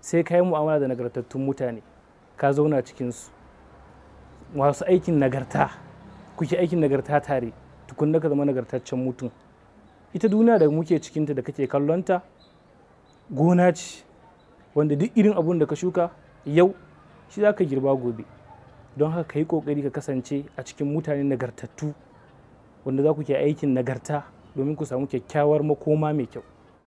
sai ka yi mu'amala da nagartattun mutane ka zauna cikinsu masu aikin nagarta kuke aikin nagarta tare da ka zama nagartaccen mutum ita duniya da muke cikinta da kake kallonta gona ce wanda duk irin abun da ka shuka yau shi za ka girba gobe don haka ka yi kokari ka kasance a cikin mutane nagartattu wanda za ku ke aikin nagarta domin ku samu kyakkyawar makoma mai kyau